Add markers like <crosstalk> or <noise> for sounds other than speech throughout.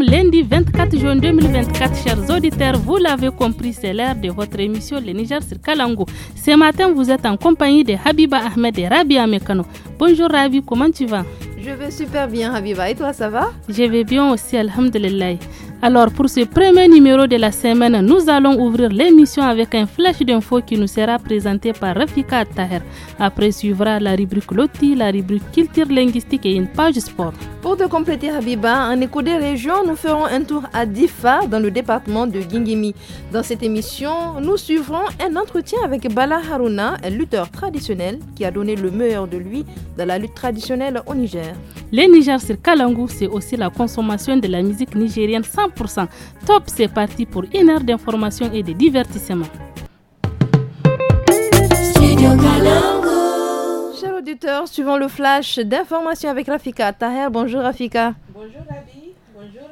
lundi 24 juin 2024, chers auditeurs. Vous l'avez compris, c'est l'heure de votre émission Le Niger sur Kalango. Ce matin, vous êtes en compagnie de Habiba Ahmed et Rabia Mekano. Bonjour Rabi, comment tu vas Je vais super bien, Habiba. Et toi, ça va Je vais bien aussi, Alhamdulillah. Alors pour ce premier numéro de la semaine, nous allons ouvrir l'émission avec un flash d'infos qui nous sera présenté par Rafika Taher. Après suivra la rubrique Loti, la rubrique Culture linguistique et une page sport. Pour te compléter Habiba, en écho des régions, nous ferons un tour à Difa dans le département de Gingimi. Dans cette émission, nous suivrons un entretien avec Bala Haruna, un lutteur traditionnel qui a donné le meilleur de lui dans la lutte traditionnelle au Niger. Les Niger sur Kalangu, c'est aussi la consommation de la musique nigérienne sans Top, c'est parti pour une heure d'information et de divertissement. Chers auditeurs, suivant le flash d'information avec Rafika Taher. Bonjour Rafika. Bonjour Rabi. Bonjour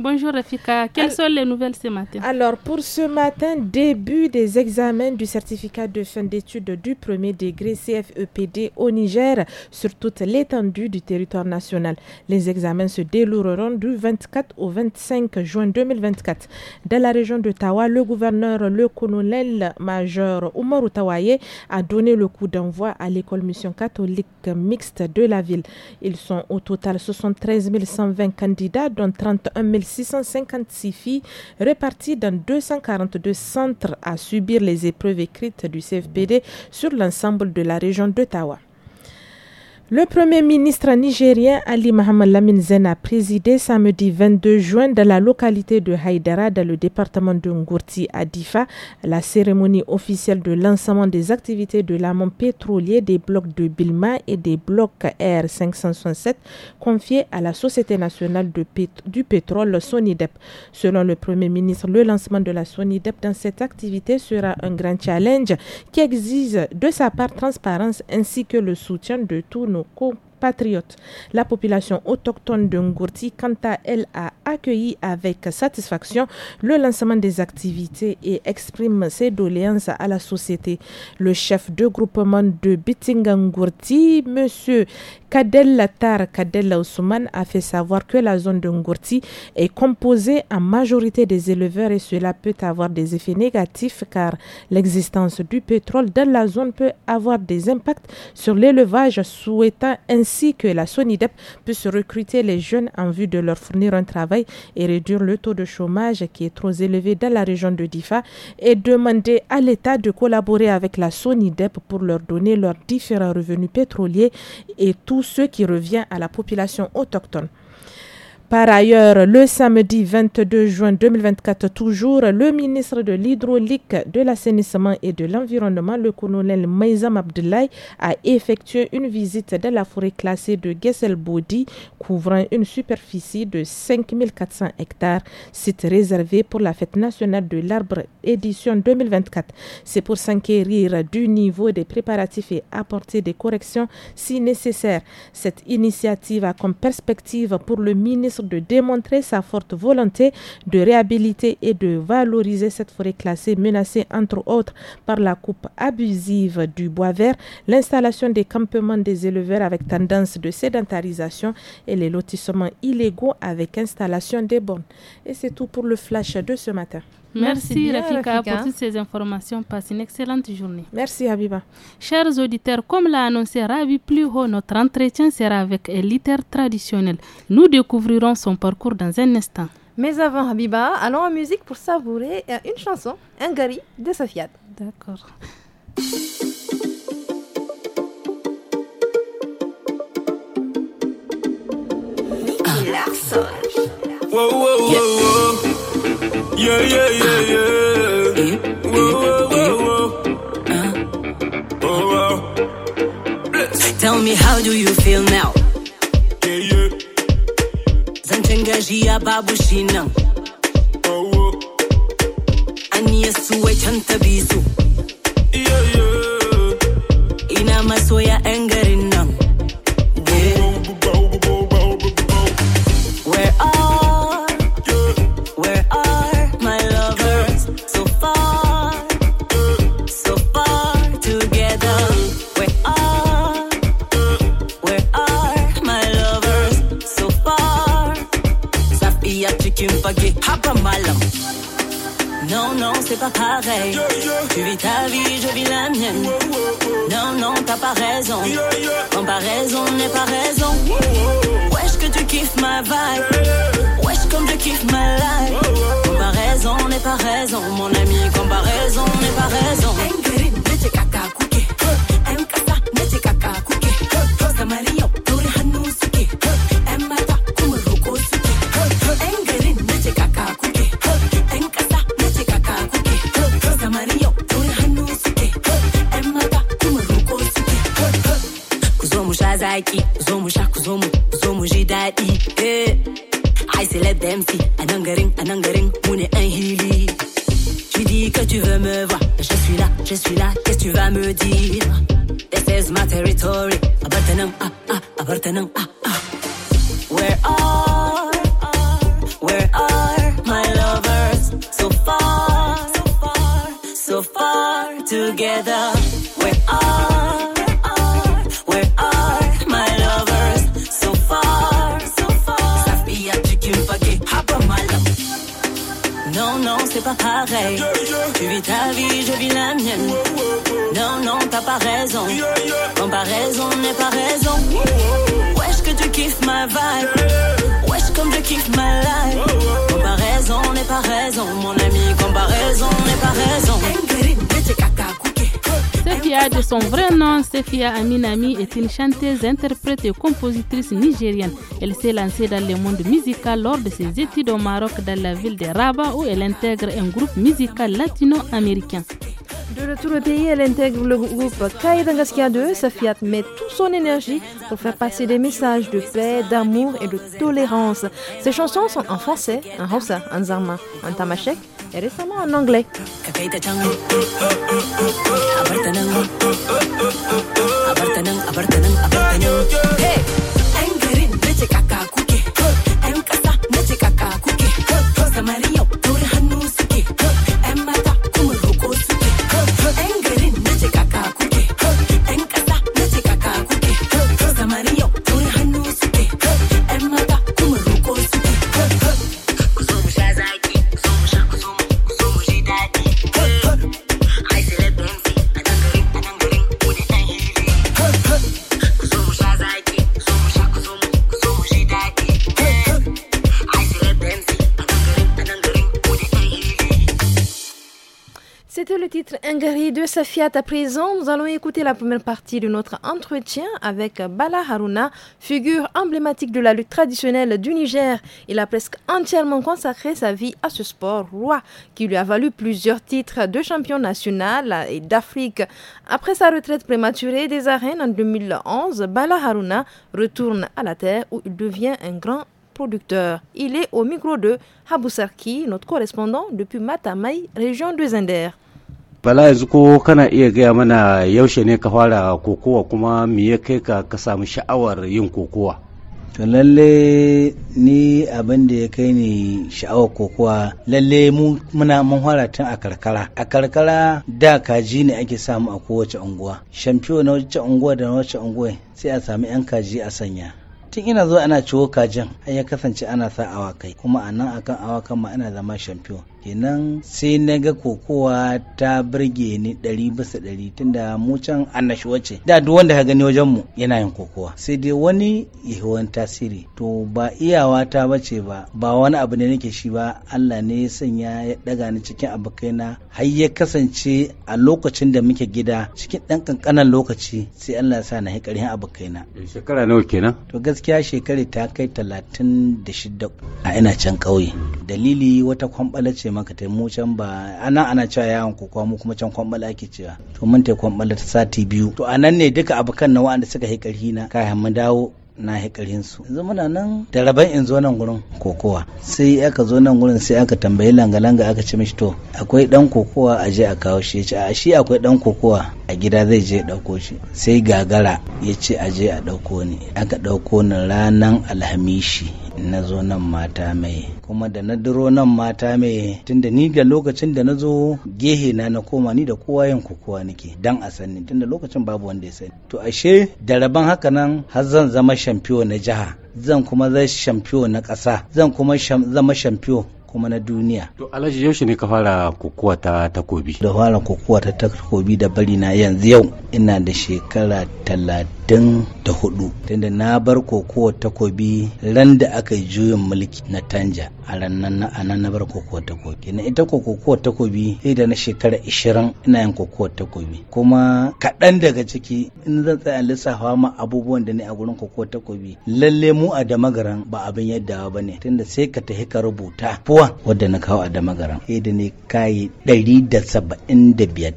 Bonjour Rafika, quelles sont les nouvelles ce matin Alors pour ce matin, début des examens du certificat de fin d'études du premier degré CFEPD au Niger sur toute l'étendue du territoire national. Les examens se dérouleront du 24 au 25 juin 2024. Dans la région d'Ottawa, le gouverneur, le colonel-major Omar Outawaye a donné le coup d'envoi à l'école mission catholique mixte de la ville. Ils sont au total 73 120 candidats dont 31 000 656 filles réparties dans 242 centres à subir les épreuves écrites du CFPD sur l'ensemble de la région d'Ottawa. Le Premier ministre nigérien Ali Mohamed Lamin Zen a présidé samedi 22 juin dans la localité de Haïdara, dans le département de Ngourti à Difa, la cérémonie officielle de lancement des activités de l'amont pétrolier des blocs de Bilma et des blocs R567 confiés à la Société nationale de du pétrole Sonidep. Selon le Premier ministre, le lancement de la Sonidep dans cette activité sera un grand challenge qui exige de sa part transparence ainsi que le soutien de tous nos compatriotes. La population autochtone de Ngourti, quant à elle, a accueilli avec satisfaction le lancement des activités et exprime ses doléances à la société. Le chef de groupement de Bitinga Ngourti, M. Kadel Latar, Kadel Ousmane a fait savoir que la zone de Ngourti est composée en majorité des éleveurs et cela peut avoir des effets négatifs car l'existence du pétrole dans la zone peut avoir des impacts sur l'élevage souhaitant ainsi que la SONIDEP puisse recruter les jeunes en vue de leur fournir un travail et réduire le taux de chômage qui est trop élevé dans la région de Difa et demander à l'État de collaborer avec la SONIDEP pour leur donner leurs différents revenus pétroliers et tout tout ce qui revient à la population autochtone. Par ailleurs, le samedi 22 juin 2024, toujours, le ministre de l'Hydraulique, de l'Assainissement et de l'Environnement, le colonel Maizam Abdoulaye, a effectué une visite de la forêt classée de Gesselbodi, couvrant une superficie de 5400 hectares, site réservé pour la fête nationale de l'arbre édition 2024. C'est pour s'enquérir du niveau des préparatifs et apporter des corrections si nécessaire. Cette initiative a comme perspective pour le ministre de démontrer sa forte volonté de réhabiliter et de valoriser cette forêt classée menacée entre autres par la coupe abusive du bois vert, l'installation des campements des éleveurs avec tendance de sédentarisation et les lotissements illégaux avec installation des bornes. Et c'est tout pour le flash de ce matin. Merci, Rafika, pour toutes ces informations. Passe une excellente journée. Merci Habiba. Chers auditeurs, comme l'a annoncé Ravi plus haut, notre entretien sera avec un traditionnel. Nous découvrirons son parcours dans un instant. Mais avant Habiba, allons en musique pour savourer euh, une chanson, un gari de Sofiane. D'accord. Ah. Yeah, yeah, yeah, yeah. Whoa, whoa, whoa, whoa. Uh. Oh, wow. Blitz. Tell me, how do you feel now? Yeah, yeah. Zanchangajia babushina. Oh, wow. Aniyesuwe chantabisu. Yeah, yeah. Ina masoya engarinna. Non, non, c'est pas pareil. Tu vis ta vie, je vis la mienne. Non, non, t'as pas raison. Comparaison n'est pas raison. Wesh, que tu kiffes ma vibe. Wesh, comme je kiffe ma life. Comparaison n'est pas raison, mon ami. de son vrai nom, Sefia Aminami, est une chanteuse, interprète et compositrice nigérienne. Elle s'est lancée dans le monde musical lors de ses études au Maroc dans la ville de Rabat où elle intègre un groupe musical latino-américain. De retour au pays, elle intègre le groupe Kaidangaskia 2. Safiat met toute son énergie pour faire passer des messages de paix, d'amour et de tolérance. Ses chansons sont en français, en rosa, en zarma, en tamashek, Eres sama en inglés. Hey. Fiat à présent, nous allons écouter la première partie de notre entretien avec Bala Haruna, figure emblématique de la lutte traditionnelle du Niger. Il a presque entièrement consacré sa vie à ce sport roi qui lui a valu plusieurs titres de champion national et d'Afrique. Après sa retraite prématurée des arènes en 2011, Bala Haruna retourne à la terre où il devient un grand producteur. Il est au micro de Haboussarki, notre correspondant depuis Matamai, région de Zinder. bala yanzu ko kana iya gaya mana yaushe ne ka fara kokowa kuma me ya kai ka ka samu sha'awar yin kokowa to lalle ni abin da ya kai ni sha'awar kokowa lalle mu muna mun fara tun a karkara a karkara da kaji ne ake samu a kowace unguwa shamfiyo na wacce unguwa da na wacce unguwa sai a samu yan kaji a sanya tun ina zuwa ana ciwo kajin ai ya kasance ana sa awakai kuma a nan akan awakan ma ana zama shamfiyo kenan sai na ga kokowa ta birge ni ɗari bisa ɗari tunda mu can annashuwa ce da duk wanda ka gani wajen mu yana yin kokowa sai dai wani yahuwan tasiri to ba iyawa ta bace ba ba wani abu ne nake shi ba Allah ne ya sanya ya daga ni cikin abokaina har ya kasance a lokacin da muke gida cikin ɗan ƙanƙanan lokaci sai Allah ya sa na hikarin abokaina eh, shekara nawa kenan to gaskiya shekara ta kai talatin da shida a ina can ƙauye dalili wata kwamɓala ce maka ka mu can ba ana ana cewa yawon kokowa mu kuma can kwambala ake cewa to mun ta kwambala ta sati biyu to a nan ne duka abokan na wa'anda suka yi karhi na kai mu dawo na hikarin su yanzu muna nan da raban in zo nan gurin kokowa sai aka zo nan gurin sai aka tambayi langa-langa aka ce mishi to akwai dan kokowa a je a kawo shi ce a shi akwai dan kokowa a gida zai je dauko shi sai gagara ya ce a je a dauko ni aka dauko ni ranan alhamishi na zo nan mata mai kuma da na duro nan mata mai tunda ni ga lokacin da na zo gehe na na koma ni da kowa yin kukuwa nake dan a sani tunda lokacin babu wanda ya sani to ashe da rabon haka nan har zan zama shamfiyo na jiha zan kuma zai shamfiyo na ƙasa zan kuma zama shamfiyo kuma na duniya. To Alhaji yaushe ne ka fara kokowa ta takobi? Da fara kokowa ta takobi da bari na yanzu yau ina da shekara talatin da hudu tunda na bar kokowa takobi ran da aka yi juyin mulki na tanja a ranar na anan na bar kokowa takobi na ita kokowa takobi sai da na shekara ishirin ina yin kokowa takobi kuma kaɗan daga ciki in zan tsaya lissafa ma abubuwan da ne a gurin kokowa takobi lalle mu a da garan ba abin yadda ba ne tunda sai ka tafi ka rubuta kowa wadda na kawo a damagara da ne kayi 175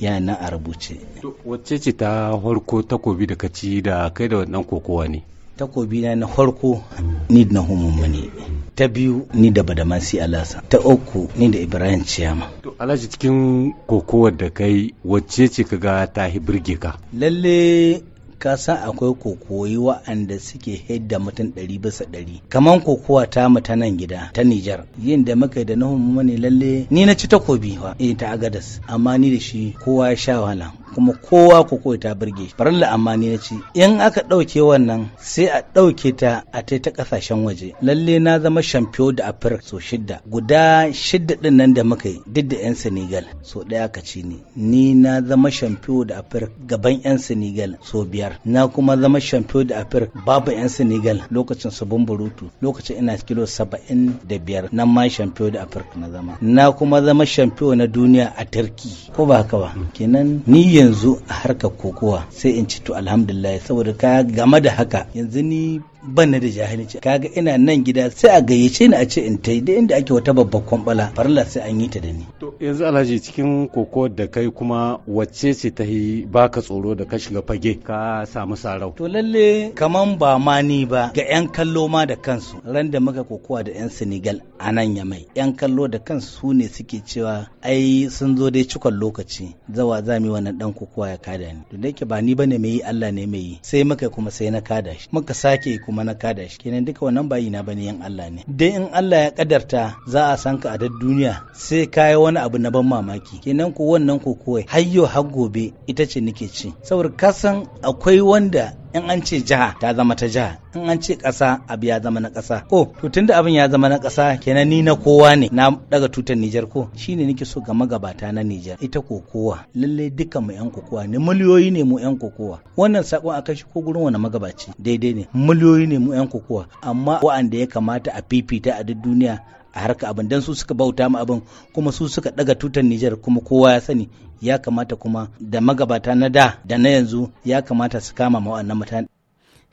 yana a rubuce wacce ce ta harko takobi da kaci da kai da wannan kokowa ne takobi na na harko ni na humumma ne ta biyu ni da badamasi alasa ta uku ni da ibrahim ciyama to cikin kokowar da kai wacce ce kaga ta hi burge ka lalle ka san akwai kokoyi wa'anda suke hidda mutum ɗari bisa ɗari kamar kokowa ta mu ta nan gida ta Nijar yin da muka da nuhun mu lalle ni na ci takobi wa eh ta Agadas amma ni da shi kowa ya sha wahala kuma kowa koko ta burge shi farilla amma ni na ci in aka ɗauke wannan sai a ɗauke ta a tai ta ƙasashen waje lalle na zama shamfiyo da afir so shidda guda shidda ɗin nan da muka yi duk da 'yan Senegal so ɗaya ka ci ni ni na zama shamfiyo da afir gaban 'yan Senegal so biyar Dakar na kuma zama champion da Afirka babu 'yan Senegal lokacin sabon burutu lokacin ina kilo 75 nan ma champion da Afirka na zama na kuma zama champion na duniya a Turki ko ba haka ba hmm. kenan ni yanzu a harkar kokowa sai in ci to alhamdulillah saboda ka game da haka yanzu ni ban da jahilci kaga ina nan gida sai a gayyace ni a ce in tai da inda ake wata babbar kwambala farla sai an yi ta da ni to yanzu alhaji cikin koko da kai kuma wacce ce ta yi baka tsoro da ka shiga fage ka samu sarau to lalle kaman ba ma ni ba ga yan kallo ma da kansu ran da muka kokowa da yan Senegal a nan ya Yamai yan kallo da kansu ne suke cewa ai sun zo dai cikon lokaci zawa zami wannan dan kokowa ya kada ni to da ba ni bane mai yi Allah ne mai yi sai muka kuma sai na kada shi muka sake kuma kuma na kada shi kenan duka wannan ba na bane yan Allah ne dai in Allah ya kadarta za a san ka a duk duniya sai kai wani abu na ban mamaki kenan ko wannan ko kowai hayyo har gobe ita ce nake ci saboda kasan akwai wanda in an ce jiha ta zama ta jiha in an ce ƙasa abu ya zama na ƙasa ko to tunda abin ya zama na ƙasa kenan ni na kowa ne na daga tutar Nijar ko shine nake so ga magabata na Nijar ita kokowa lalle duka mu yan kokowa ne miliyoyi ne mu yan kokowa wannan sakon akai shi ko gurin wani magabaci daidai ne miliyoyi ne mu yan kokowa amma wa'anda ya kamata a fifita a duk duniya a harka abin dan su suka bauta mu abin kuma su suka daga tutar Nijar kuma kowa ya sani ya kamata kuma da magabata na da da na yanzu ya kamata su kama ma wannan mutane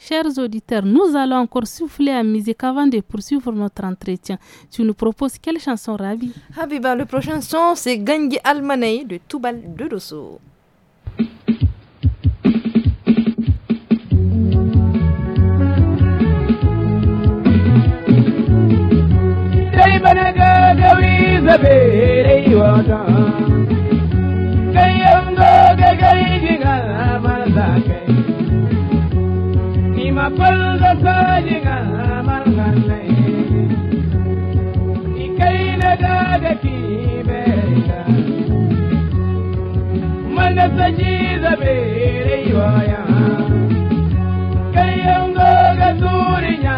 Chers auditeurs, nous allons encore souffler à musique avant de poursuivre notre entretien. Tu nous proposes quelle chanson, Rabi Habiba, le prochain son, c'est Gangi Almanei de Toubal de Dosso. gane gagawi zabe rewata kayan goge gari jina maza kai nima kwanza ta jina marna nai ni kai na gada ki berita mana saji zabe rewata kayan goge zuri nya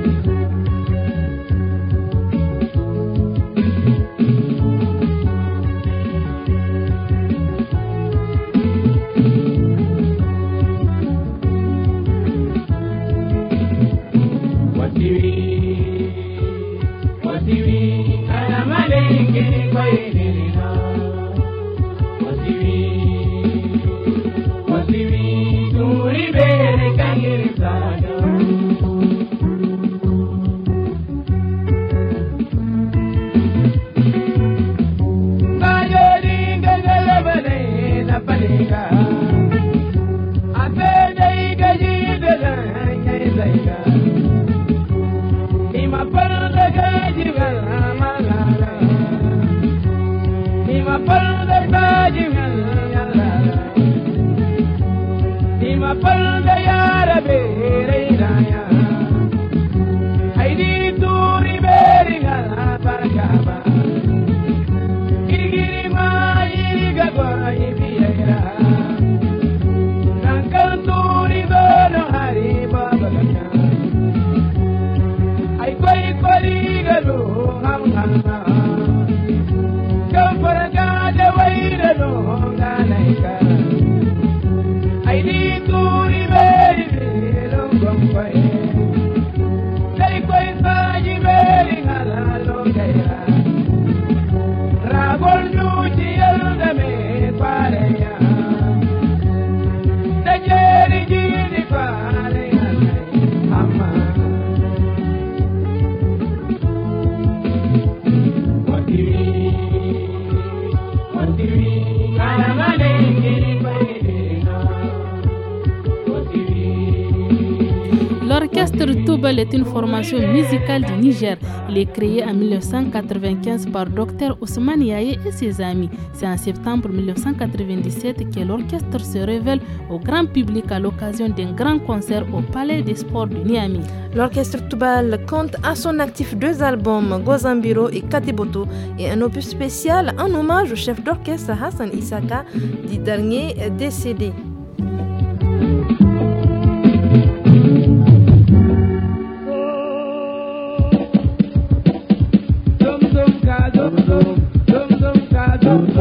musicale du Niger. Il est créé en 1995 par Dr Ousmane Yaye et ses amis. C'est en septembre 1997 que l'orchestre se révèle au grand public à l'occasion d'un grand concert au Palais des Sports de Niamey. L'orchestre Toubal compte à son actif deux albums, Gozambiro et Katiboto, et un opus spécial en hommage au chef d'orchestre Hassan Isaka, dit dernier décédé.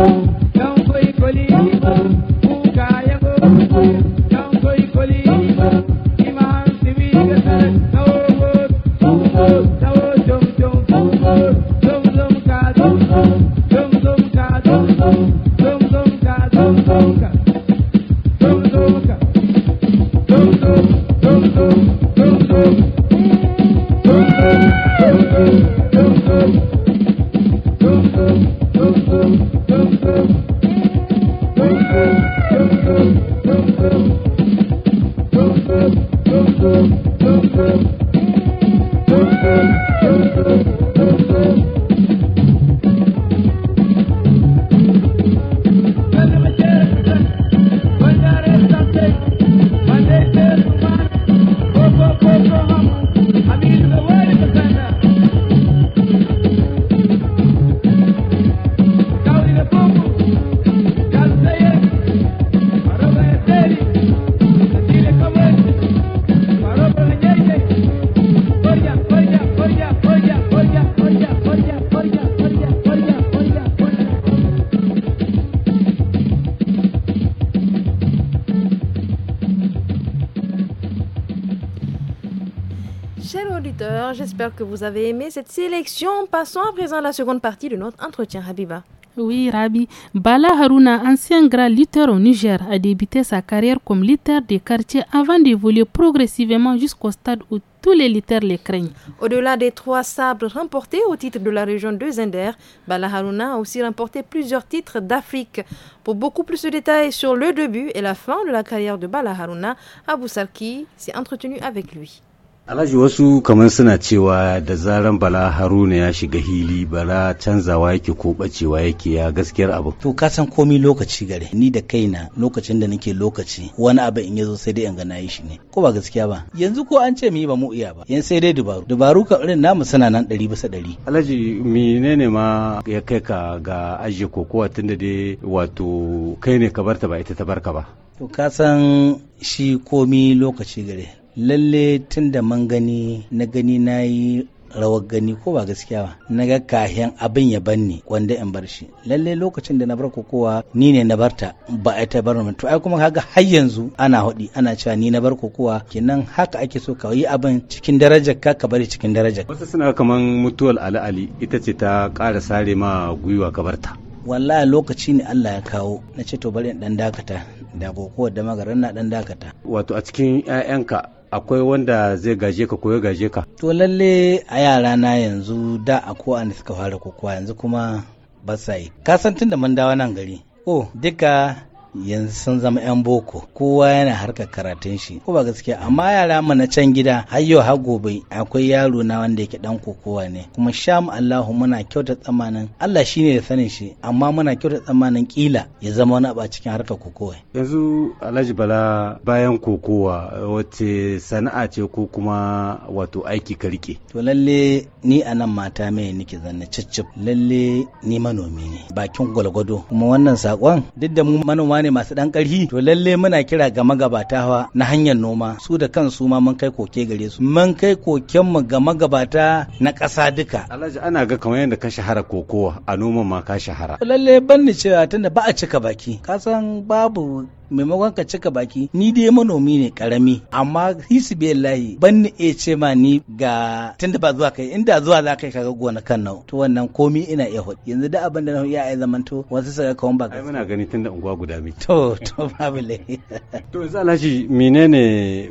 Thank you. vous avez aimé cette sélection. Passons à présent à la seconde partie de notre entretien, Habiba. Oui, Rabi. Bala Haruna, ancien grand lutteur au Niger, a débuté sa carrière comme lutteur des quartiers avant d'évoluer progressivement jusqu'au stade où tous les lutteurs les craignent. Au-delà des trois sabres remportés au titre de la région de Zender, Bala Haruna a aussi remporté plusieurs titres d'Afrique. Pour beaucoup plus de détails sur le début et la fin de la carrière de Bala Haruna, Abou Sarki s'est entretenu avec lui. Alhaji wasu kamar suna cewa da zaran Bala Haruna ya shiga hili Bala canzawa yake ko bacewa yake ya gaskiyar abu. To ka san komi lokaci gare ni da kaina lokacin da nake lokaci wani abu in yazo sai dai in ga nayi shi ne. Ko ba gaskiya ba. Yanzu ko an ce mu yi ba mu iya ba. Yan sai dai dubaru. Dubaru ka irin namu suna nan ɗari bisa ɗari. Alhaji menene ma ya kai ka ga ajiye kokowa tunda dai wato kai ne ka barta ba ita ta barka ba. To ka san shi komi lokaci gare lalle tun da man gani na gani na yi rawar gani ko ba gaskiya ba na ga kahin abin ya banni wanda in bar shi lalle lokacin da na bar kokowa ni ne na barta ba ai ta bar mu to ai kuma kaga har yanzu ana hudi ana cewa ni na bar kokowa kenan haka ake so ka yi abin cikin darajar ka ka bari cikin darajar wasu suna kaman mutuwar ali ali ita ce ta ƙara sare ma gwiwa ka barta wallahi lokaci ne Allah ya kawo na ce to bari in dan dakata da kokowa da magaran na dan dakata wato a cikin 'ya'yanka akwai wanda zai gaje ka ko ya gaje ka to lalle a yara na yanzu da a ko an suka fara kokowa yanzu kuma ba sa yi ka san tun da mun nan gari oh duka yanzu sun zama 'yan boko kowa yana harkar karatun shi ko ba gaskiya amma yara mu na can gida har yau har gobe akwai yaro na wanda yake dan kokowa ne kuma sha mu Allahu muna kyauta tsamanin Allah shine da sanin shi amma muna kyauta tsamanin kila ya zama wani a cikin harkar kokowa yanzu Alhaji Bala bayan kokowa wace sana'a ce ko kuma wato aiki ka rike to lalle ni anan mata mai nake zanna ciccip lalle ni manomi ne bakin gwalgwado kuma wannan sakon duk da mu manoma ne masu ɗan ƙarfi to lalle muna kira ga magabata na hanyar noma su da kansu ma mun kai koke gare su mun kai koken mu ga magabata na ƙasa duka alhaji ana ga kamar yadda ka shahara kokowa a noman ma ka shahara lalle ban ni cewa tunda ba a cika baki kasan babu maimakon ka cika baki ni dai manomi ne karami amma hisbillahi ban ni iya ce ma ni ga tunda ba zuwa kai inda zuwa za kai kaga gona kan nau to wannan komi ina iya hudu yanzu da abin da na iya ai to wasu saka kawon ba ai muna gani tunda unguwa guda mi to to <laughs> babu to yanzu alhaji menene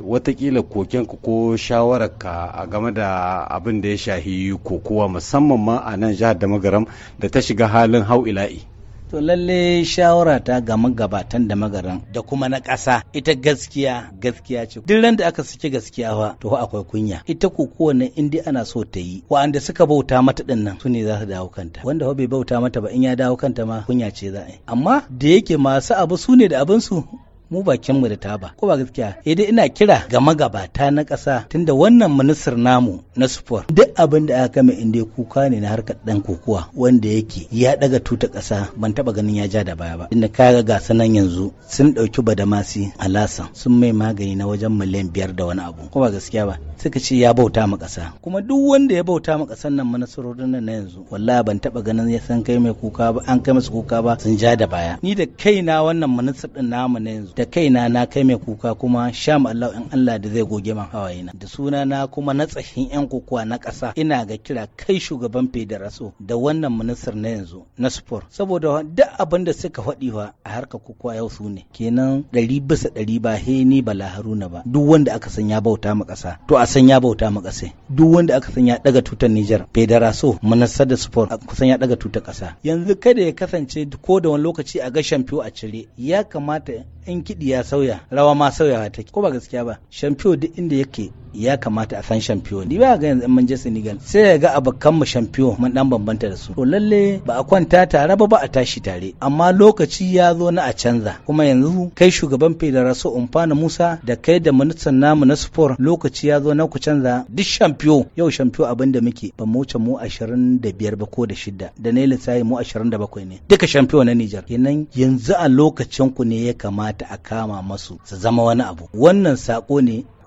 watakila koken ku ko shawarar ka a game da abin da ya shahi kokowa musamman ma a nan jihar da magaram da ta shiga halin hau ila'i. To lalle shawara ta ga magabatan da magaran da kuma na ƙasa ita gaskiya gaskiya ce. Duk ran da aka saki gaskiya fa to akwai kunya. Ita ko kowanne in dai ana so ta yi wa'anda suka bauta mata din nan su ne za su dawo kanta. Wanda fa bai bauta mata ba in ya dawo kanta ma kunya ce za a yi. Amma da yake masu abu su ne da abin su mu bakin mu da ta ba. ko ba gaskiya eh dai ina kira ga magabata na ƙasa tunda wannan ministar namu na sport duk abin da aka kama inda kuka ne na harkar dan kokuwa wanda yake ya daga tuta ƙasa ban taba ganin ya ja da baya ba inda kaga gasa nan yanzu sun dauki badamasi lasan. sun mai magani na wajen miliyan biyar da wani abu ko ba gaskiya ba suka ce ya bauta ma ƙasa kuma duk wanda ya bauta ma ƙasar nan manasarorin nan na yanzu wallahi ban taba ganin ya san kai mai kuka ba an kai masa kuka ba sun ja da baya ni da kaina wannan ministar din namu na yanzu da kaina na kai mai kuka kuma sham Allah in Allah da zai goge man hawaye na da suna na kuma na tsahin yan kokowa na ƙasa ina ga kira kai shugaban federaso da wannan ministar na yanzu na sport saboda duk abin da suka faɗi fa a harka kokowa yau su ne kenan ɗari bisa ɗari ba he ni bala haruna ba duk wanda aka san ya bauta ma ƙasa to a san ya bauta ma ƙasa duk wanda aka san ya daga tutar Niger federaso ministar da sport aka ya daga tutar ƙasa yanzu kada ya kasance ko da wani lokaci a ga shampiyo a cire ya kamata in kiɗi ya sauya rawa ma sauyawa take ko ba gaskiya ba shamfiyo duk inda yake ya kamata a san champion ni ba ga yanzu in mun je Senegal sai ya ga abakan mu champion mun dan bambanta da su to lalle ba a kwanta tare ba ba a tashi tare amma lokaci ya zo na a canza kuma yanzu kai shugaban Federaso Umfana Musa da kai da ministan namu na sport lokaci ya zo na ku canza duk champion yau champion abin da muke ba mu wuce mu 25 ba ko da shida da ne lissafi mu 27 ne duka champion na Niger kenan yanzu a lokacin ku ne ya kamata a kama masu su zama wani abu wannan sako ne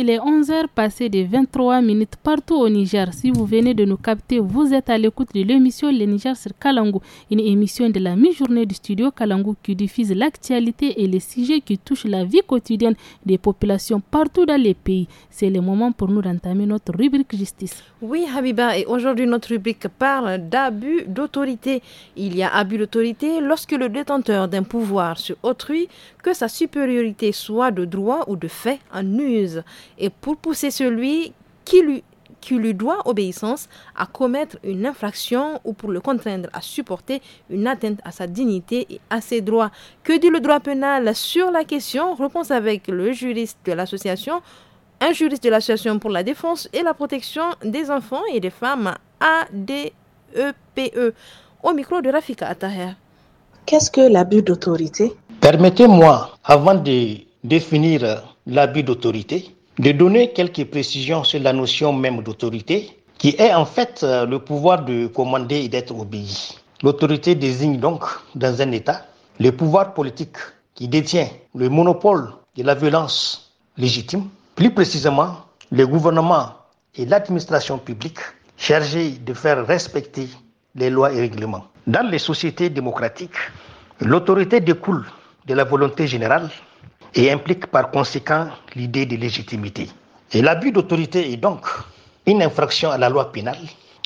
Il est 11h passé de 23 minutes partout au Niger. Si vous venez de nous capter, vous êtes à l'écoute de l'émission Les Niger sur Kalangou, une émission de la mi-journée du studio Kalangou qui diffuse l'actualité et les sujets qui touchent la vie quotidienne des populations partout dans les pays. C'est le moment pour nous d'entamer notre rubrique justice. Oui, Habiba, et aujourd'hui notre rubrique parle d'abus d'autorité. Il y a abus d'autorité lorsque le détenteur d'un pouvoir sur autrui, que sa supériorité soit de droit ou de fait, en use et pour pousser celui qui lui, doit obéissance à commettre une infraction ou pour le contraindre à supporter une atteinte à sa dignité et à ses droits. Que dit le droit pénal sur la question Réponse avec le juriste de l'association, un juriste de l'association pour la défense et la protection des enfants et des femmes ADEPE. E. Au micro de Rafika Ataher. Qu'est-ce que l'abus d'autorité Permettez-moi, avant de définir l'abus d'autorité, de donner quelques précisions sur la notion même d'autorité, qui est en fait euh, le pouvoir de commander et d'être obéi. L'autorité désigne donc, dans un État, le pouvoir politique qui détient le monopole de la violence légitime, plus précisément le gouvernement et l'administration publique chargés de faire respecter les lois et règlements. Dans les sociétés démocratiques, l'autorité découle de la volonté générale et implique par conséquent l'idée de légitimité. Et l'abus d'autorité est donc une infraction à la loi pénale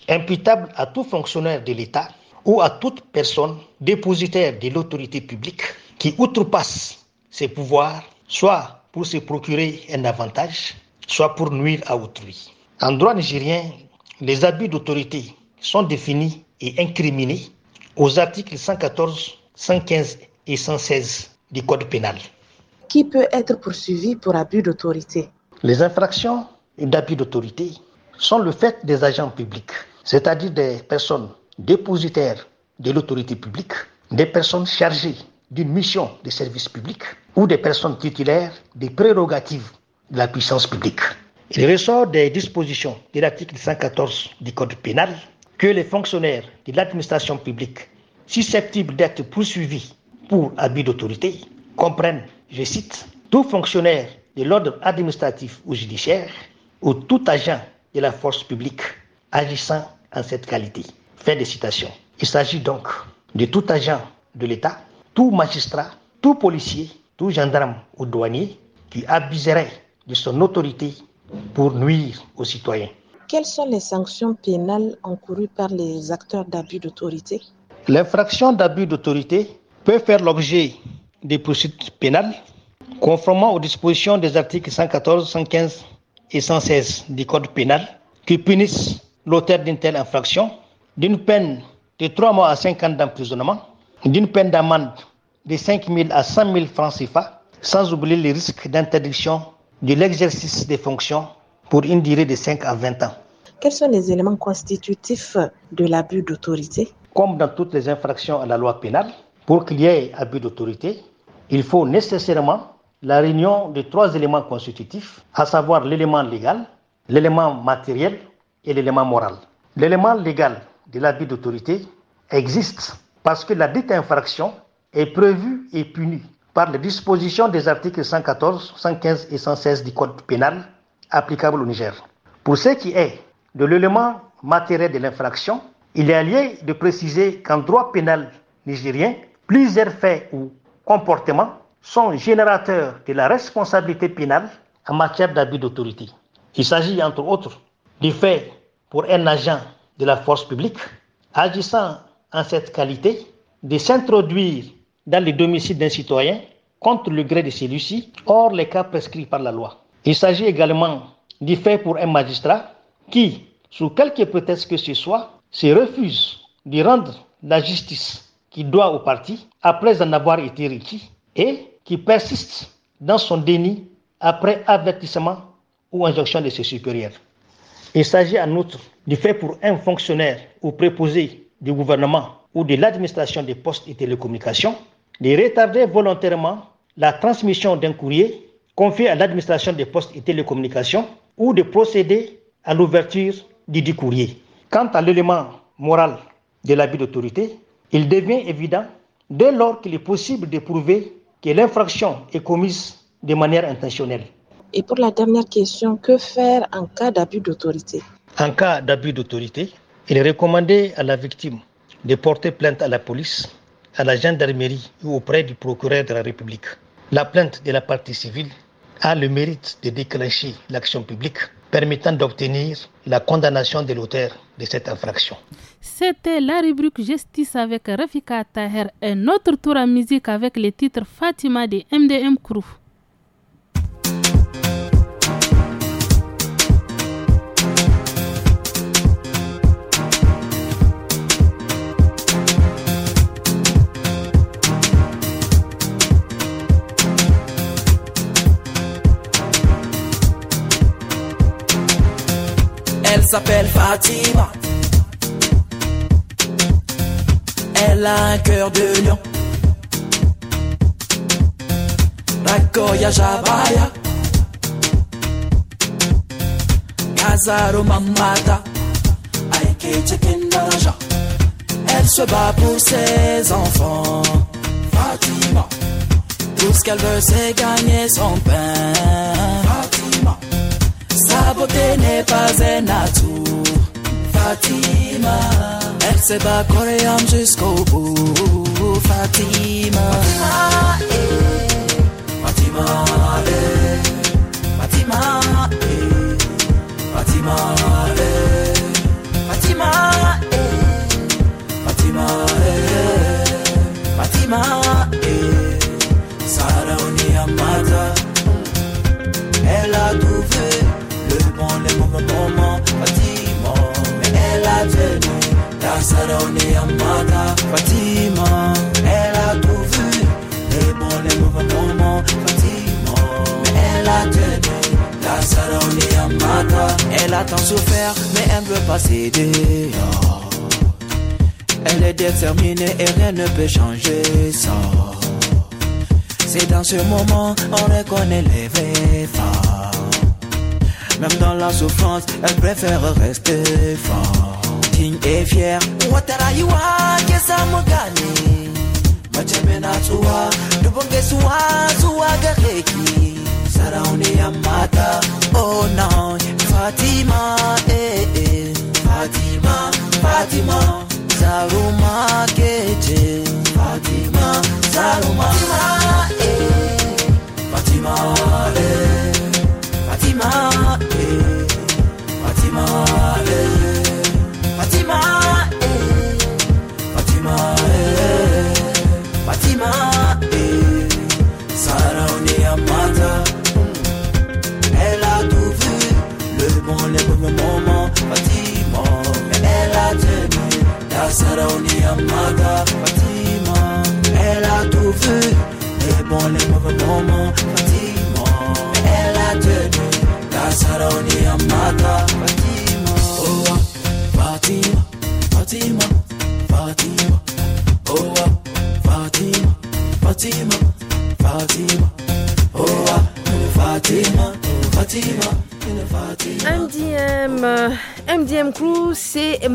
imputable à tout fonctionnaire de l'État ou à toute personne dépositaire de l'autorité publique qui outrepasse ses pouvoirs, soit pour se procurer un avantage, soit pour nuire à autrui. En droit nigérien, les abus d'autorité sont définis et incriminés aux articles 114, 115 et 116 du Code pénal qui peut être poursuivi pour abus d'autorité. Les infractions d'abus d'autorité sont le fait des agents publics, c'est-à-dire des personnes dépositaires de l'autorité publique, des personnes chargées d'une mission de service public ou des personnes titulaires des prérogatives de la puissance publique. Il ressort des dispositions de l'article 114 du Code pénal que les fonctionnaires de l'administration publique susceptibles d'être poursuivis pour abus d'autorité comprennent je cite, tout fonctionnaire de l'ordre administratif ou judiciaire ou tout agent de la force publique agissant en cette qualité. Fin de citation. Il s'agit donc de tout agent de l'État, tout magistrat, tout policier, tout gendarme ou douanier qui abuserait de son autorité pour nuire aux citoyens. Quelles sont les sanctions pénales encourues par les acteurs d'abus d'autorité L'infraction d'abus d'autorité peut faire l'objet des poursuites pénales, conformément aux dispositions des articles 114, 115 et 116 du Code pénal, qui punissent l'auteur d'une telle infraction d'une peine de 3 mois à 5 ans d'emprisonnement, d'une peine d'amende de 5 000 à 100 000 francs CFA, sans oublier les risques d'interdiction de l'exercice des fonctions pour une durée de 5 à 20 ans. Quels sont les éléments constitutifs de l'abus d'autorité Comme dans toutes les infractions à la loi pénale, pour qu'il y ait abus d'autorité, il faut nécessairement la réunion de trois éléments constitutifs, à savoir l'élément légal, l'élément matériel et l'élément moral. L'élément légal de l'abus d'autorité existe parce que la dite infraction est prévue et punie par les dispositions des articles 114, 115 et 116 du Code pénal applicable au Niger. Pour ce qui est de l'élément matériel de l'infraction, il est allié de préciser qu'en droit pénal nigérien, plusieurs faits ou comportements sont générateurs de la responsabilité pénale en matière d'abus d'autorité. Il s'agit entre autres du fait pour un agent de la force publique agissant en cette qualité de s'introduire dans le domicile d'un citoyen contre le gré de celui-ci, hors les cas prescrits par la loi. Il s'agit également du fait pour un magistrat qui, sous quelque prétexte que ce soit, se refuse de rendre la justice qui doit au parti après en avoir été requis et qui persiste dans son déni après avertissement ou injonction de ses supérieurs. Il s'agit en outre du fait pour un fonctionnaire ou préposé du gouvernement ou de l'administration des postes et télécommunications de retarder volontairement la transmission d'un courrier confié à l'administration des postes et télécommunications ou de procéder à l'ouverture du courrier. Quant à l'élément moral de l'abus d'autorité, il devient évident dès lors qu'il est possible de prouver que l'infraction est commise de manière intentionnelle. Et pour la dernière question, que faire en cas d'abus d'autorité En cas d'abus d'autorité, il est recommandé à la victime de porter plainte à la police, à la gendarmerie ou auprès du procureur de la République. La plainte de la partie civile a le mérite de déclencher l'action publique permettant d'obtenir la condamnation de l'auteur de cette infraction. C'était la rubrique Justice avec Rafika Taher, un autre tour à musique avec le titre Fatima de MDM Crew. Elle s'appelle Fatima. Elle a un cœur de lion. Rakoya Jabaya. Kazaro, Mamata. Aiki, Elle se bat pour ses enfants. Fatima. Tout ce qu'elle veut, c'est gagner son pain. Abote ne pazenatu Fatima Elle se bat coréen jusqu'au bout Fatima Fatima Fatima Fatima Fatima Fatima Fatima mama Fatima elle a tenu Danserone amata Fatima Elle a tout vu Les bons les mauvais moments Fatima elle a tenu à amata Elle a tant souffert mais elle ne veut pas céder Elle est déterminée et rien ne peut changer ça C'est dans ce moment on reconnaît les vrais femmes même dans la souffrance, elle préfère rester fort. Digne et fière. Wataraiwa, Kesamogani. Machemena tuwa, Dubonge suwa, suwa gareki. Sarauni amata, oh non. Fatima, eh, eh. Fatima, Fatima. Zaruma keje. Fatima, Zaruma. Fatima, eh. Fatima, eh. Fatima.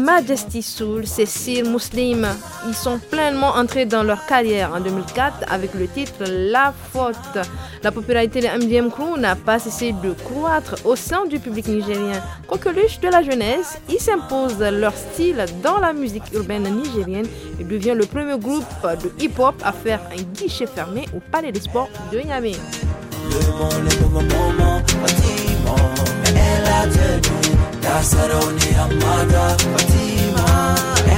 Majesty Soul, Cécile, Mouslim, Ils sont pleinement entrés dans leur carrière en 2004 avec le titre La Faute. La popularité de MDM Crew n'a pas cessé de croître au sein du public nigérien. Coqueluche de la jeunesse, ils s'imposent leur style dans la musique urbaine nigérienne et deviennent le premier groupe de hip-hop à faire un guichet fermé au Palais des Sports de Niamey. ela te dun saroni amada fatima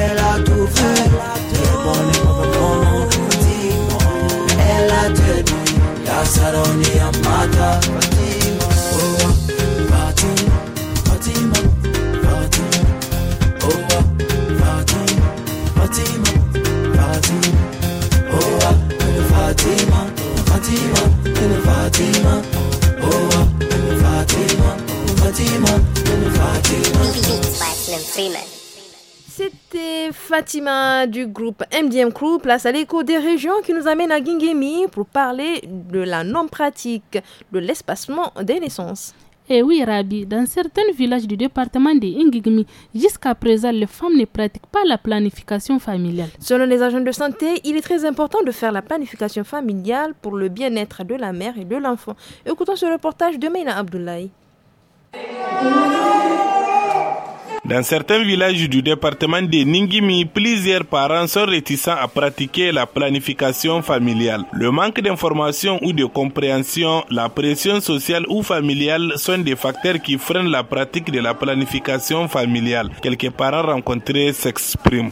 ela tu fe te fatima ela te dun saroni amada fatima oh fatima fatima fatima oh fatima fatima fatima oh fatima fatima C'était Fatima du groupe MDM Crew, place à l'écho des régions qui nous amène à Gingemi pour parler de la non-pratique de l'espacement des naissances. Et eh oui, Rabi, dans certains villages du département de Ingigmi, jusqu'à présent, les femmes ne pratiquent pas la planification familiale. Selon les agents de santé, il est très important de faire la planification familiale pour le bien-être de la mère et de l'enfant. Écoutons ce reportage de Meina Abdoulaye. Música Dans certains villages du département de Ningimi, plusieurs parents sont réticents à pratiquer la planification familiale. Le manque d'information ou de compréhension, la pression sociale ou familiale sont des facteurs qui freinent la pratique de la planification familiale. Quelques parents rencontrés s'expriment.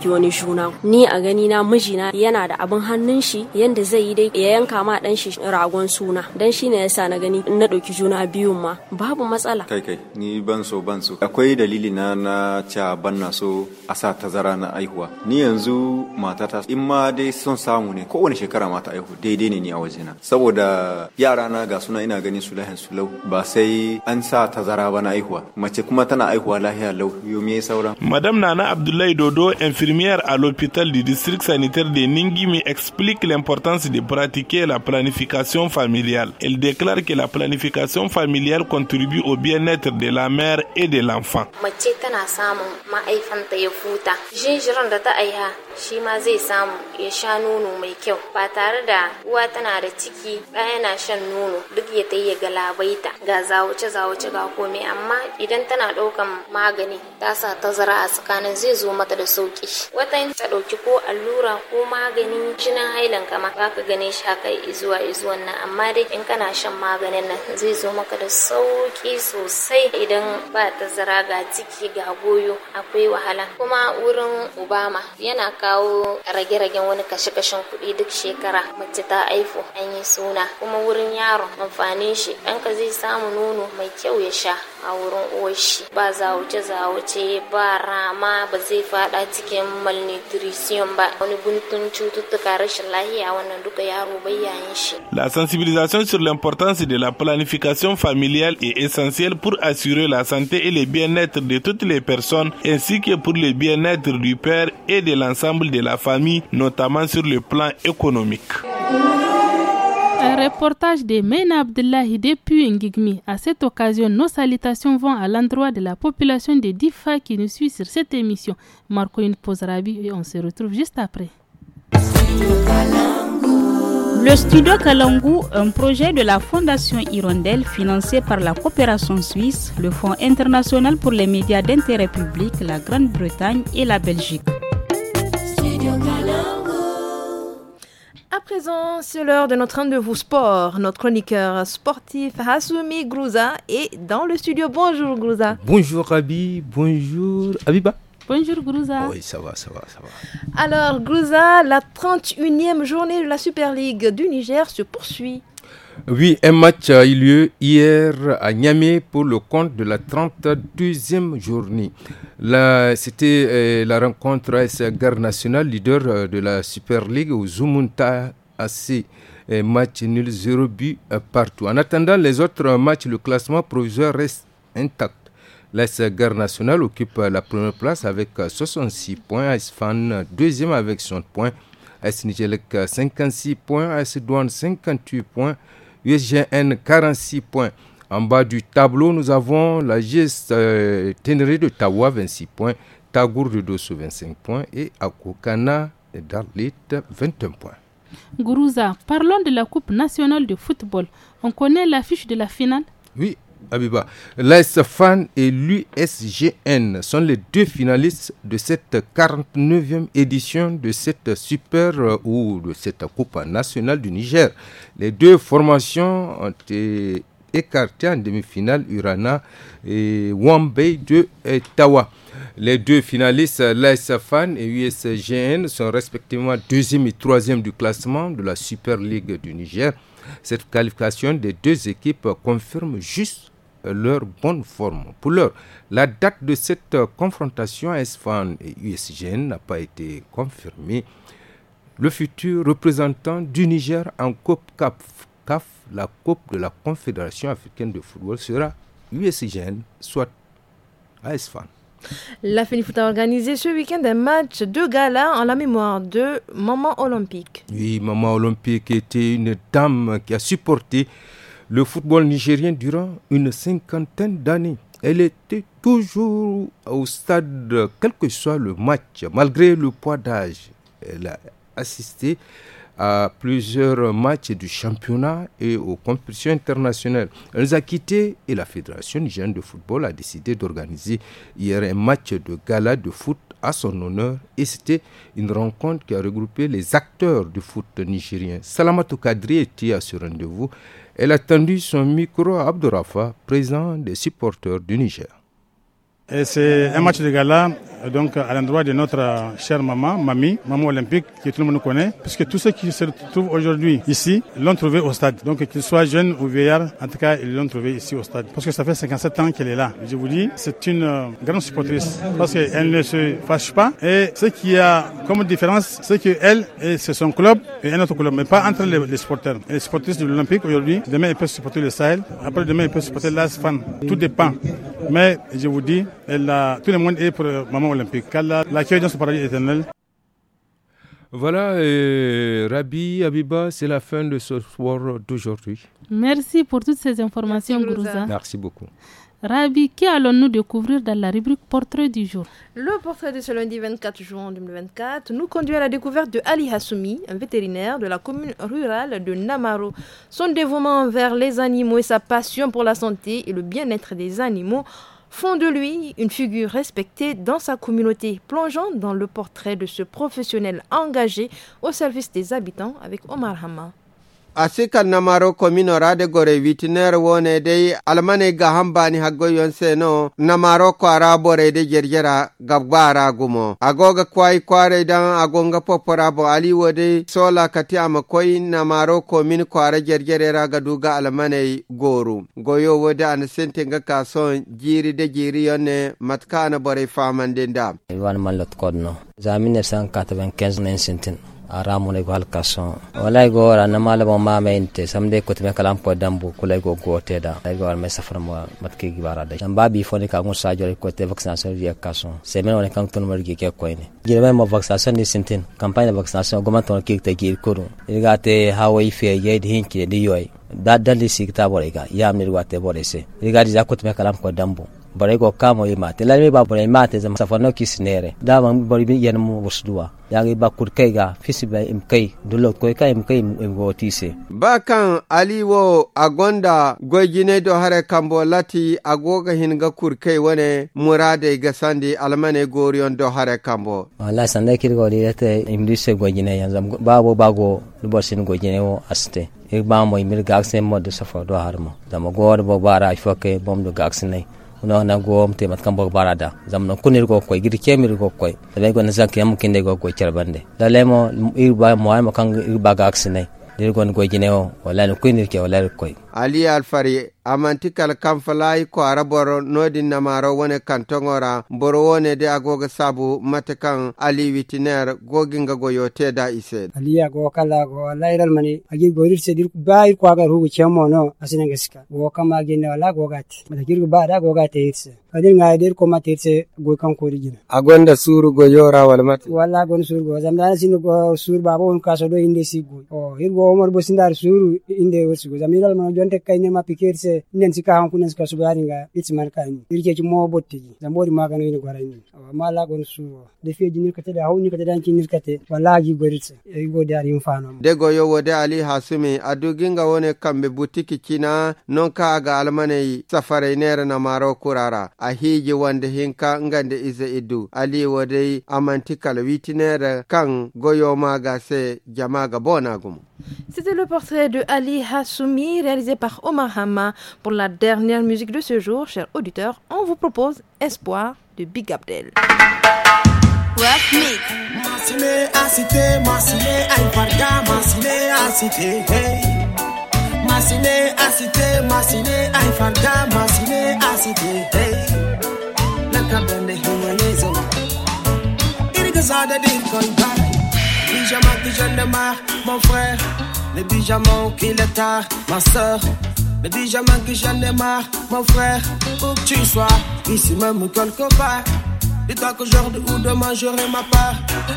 ɗauki wani juna ni a gani na mijina yana da abin hannun shi yanda zai yi dai ya yanka ma dan shi ragon suna dan shine yasa na gani na ɗauki juna biyun ma babu matsala kai kai ni ban so ban so akwai dalili na na cewa ban na so a sa tazara na aihuwa ni yanzu matata in ma dai son samu ne kowane shekara mata aihu daidai ne ni a wajena saboda yara na ga suna ina gani su lahin su lau ba sai an sa tazara ba na aihuwa mace kuma tana aihuwa lahiya lau yo me sauran madam nana abdullahi dodo enfiri infirmière à l'hôpital du district sanitaire de Ningimi explique l'importance de pratiquer la planification familiale. Elle déclare que la planification familiale contribue au bien-être de la mère et de l'enfant. Je suis shi ma zai samu ya sha nono mai kyau ba tare da uwa tana da ciki ɗa yana shan nono duk ya ta ya galabaita ga zawuce zawuce ga komai amma idan tana de magani ta sa tazara a tsakanin zai zo mata da sauki watan ta ɗauki ko allura ko maganin jinin hailan kama ba ka gane shi haka izuwa izuwan nan amma dai in kana shan maganin nan zai zo maka da sauki sosai idan ba tazara ga ciki ga goyo akwai wahala kuma wurin obama yana kawo rage-ragen wani kashe-kashen kuɗi duk shekara mace ta aifo an yi suna kuma wurin yaron amfanin shi ɗanka zai samu nono mai kyau ya sha a wurin uwar shi ba zawuce-zawuce ba rama ba zai faɗa cikin La sensibilisation sur l'importance de la planification familiale est essentielle pour assurer la santé et le bien-être de toutes les personnes ainsi que pour le bien-être du père et de l'ensemble de la famille, notamment sur le plan économique. Un reportage de Mena Abdullahi depuis Ngigmi. À cette occasion, nos salutations vont à l'endroit de la population de Difa qui nous suit sur cette émission. Marco une pause et on se retrouve juste après. Le studio Kalangu, un projet de la Fondation Hirondelle financé par la coopération suisse, le Fonds international pour les médias d'intérêt public, la Grande-Bretagne et la Belgique. À présent, c'est l'heure de notre rendez-vous sport. Notre chroniqueur sportif Hasumi Grouza est dans le studio. Bonjour Grouza. Bonjour Rabi, bonjour Abiba. Bonjour Grouza. Oui, ça va, ça va, ça va. Alors Grouza, la 31e journée de la Super League du Niger se poursuit. Oui, un match a eu lieu hier à Niamey pour le compte de la 32e journée. C'était euh, la rencontre s Gare Nationale, leader euh, de la Super League, au Zumunta AC. Match nul 0 but euh, partout. En attendant les autres matchs, le classement provisoire reste intact. L'AS Garde Nationale occupe la première place avec 66 points, Fan deuxième avec 60 points, AS cinquante 56 points, AS Douane 58 points, USGN 46 points. En bas du tableau, nous avons la geste euh, Ténéré de Tawa 26 points, Tagour de Dosso 25 points et Akokana et Darlit 21 points. Gourouza, parlons de la Coupe nationale de football. On connaît l'affiche de la finale Oui, Abiba. fan et l'USGN sont les deux finalistes de cette 49e édition de cette super ou de cette Coupe nationale du Niger. Les deux formations ont été écartées en demi-finale Urana et Wambay de Tawa. Les deux finalistes, fan et USGN, sont respectivement deuxième et troisième du classement de la Super League du Niger. Cette qualification des deux équipes confirme juste leur bonne forme. Pour l'heure, la date de cette euh, confrontation ASFAN et USGN n'a pas été confirmée. Le futur représentant du Niger en Coupe CAF, la Coupe de la Confédération africaine de football, sera USGN, soit ASFAN. La FENIFOOT a organisé ce week-end un match de gala en la mémoire de Maman Olympique. Oui, Maman Olympique était une dame qui a supporté le football nigérien durant une cinquantaine d'années. Elle était toujours au stade, quel que soit le match, malgré le poids d'âge. Elle a assisté à plusieurs matchs du championnat et aux compétitions internationales. Elle nous a quittés et la Fédération nigérienne de football a décidé d'organiser hier un match de gala de foot à son honneur et c'était une rencontre qui a regroupé les acteurs du foot nigérien. Salamatou Kadri était à ce rendez-vous. Elle a tendu son micro à Abdourafa, président des supporters du Niger. C'est un match de gala donc à l'endroit de notre euh, chère maman, mamie, maman olympique, que tout le monde connaît, puisque tous ceux qui se trouvent aujourd'hui ici l'ont trouvé au stade. Donc qu'ils soient jeunes ou vieillards, en tout cas, ils l'ont trouvé ici au stade. Parce que ça fait 57 ans qu'elle est là. Je vous dis, c'est une euh, grande supportrice, parce qu'elle ne se fâche pas. Et ce qui a comme différence, c'est qu'elle, c'est son club et un autre club, mais pas entre les, les supporters. les supporters de l'Olympique aujourd'hui, demain, ils peuvent supporter le Sahel, après demain, ils peuvent supporter l'ASFAN. Tout dépend. Mais je vous dis, elle a, tout le monde est pour euh, maman Olympique ce paradis Voilà, euh, Rabi Abiba, c'est la fin de ce soir d'aujourd'hui. Merci pour toutes ces informations, Merci, Merci beaucoup. Rabi, qui allons-nous découvrir dans la rubrique Portrait du jour Le portrait de ce lundi 24 juin 2024 nous conduit à la découverte de Ali Hassoumi, un vétérinaire de la commune rurale de Namaro. Son dévouement envers les animaux et sa passion pour la santé et le bien-être des animaux font de lui une figure respectée dans sa communauté, plongeant dans le portrait de ce professionnel engagé au service des habitants avec Omar Hamma. asikan namaro kominorade gore witinere wonede almane ga hambani haggo no namaro ko ara borede jerjera gabbara gumo agoga kwai kware dan agonga popora bo ali wode sola kati ama koy namaro komin ko ara jerjerera ga duga almane goru goyo wode an sente ga kason jiri de jiri yonne matkana bore famande da iwan mallot kodno za 1995 nen sentin aramu go halka kason wala go na mala bo ma me inte samde ko te kalam ko dambu ko lay go go te da lay go me safar mo mat ke gi bara da dan ba bi fone ka ngon sa jore ko te vaccination ri kason son se men on kan ton mar gi ke ko ine gi me mo vaccination ni sintin campagne de vaccination go man ton ke te gi ko ru ga te ha wa ife ye de hin ki di yoy da dalisi kitabore bore ga yamni ri wa te bore se ri ga di zakot me te kalam ko dambu bɔrɛ kɔ kamo ye mate la ba bɔrɛ mate zama safano kisnere da bari bi yan mu ya ga ba kurkai ga fisi ba imkai dulo ko ka imkai kan ali wo agonda gojine do hare kambo lati agoga hinga kurkai wane murade ga sandi almane gorion do hare kambo wala sanda kirgo direte imdise gojine yanzam babo bago lubosin gojine wo aste e ba mo imir gaxen mo do safado harmo da mo gor bo bara ifake bom do gaxen nei unaona go mte matkambo barada zamno kunir go koy gidi kemir go koy be go na zakya mu kinde go koy charbande lalemo ir ba mo ay mo kang ir ba aksine dir go go jineo wala no kunir ke wala koy ali fari amanti kal kam falai ko araboro nodin namaro wone kan tongora mboro wone de agoga sabu mate kan ali witiner goginga go yote da ised ali ago kala go lairal mani agi gorir sedir bair ko agar hugu chemo no asina geska go kama gine wala go gati mata girgu ba da go gati irse kadir ngai der ko mate irse go kan ko rigina agonda suru go yora wal mate wala gon suru go zamdana sinu go suru babo on kaso do inde sigu o irgo omar bosindar suru inde wosigo zamdana mano jonte kayne ma se nen sika han kunen sika subari nga iti man kani irke ki mo bottigi zambori magano ni awa ma la gon su de fe jinir kate da hawni kate dan kinir wa la gi goritse e go de ari fano de go yo wode ali hasumi aduginga wone kambe butiki kina non ka aga almane safare nere na maro kurara a hiji wande hinka ngande ize idu ali wode amanti kalwitinere kan goyo maga se jamaga bona C'était le portrait de Ali Hassoumi réalisé par Omar Hama. Pour la dernière musique de ce jour, chers auditeurs, on vous propose Espoir de Big Abdel pyjama que je ne marre, mon frère. Le pyjama qu'il est tard, ma soeur. Le pyjama que je ne marre, mon frère. Où que tu sois, ici même quelque part. Dis-toi qu'aujourd'hui ou demain j'aurai ma part.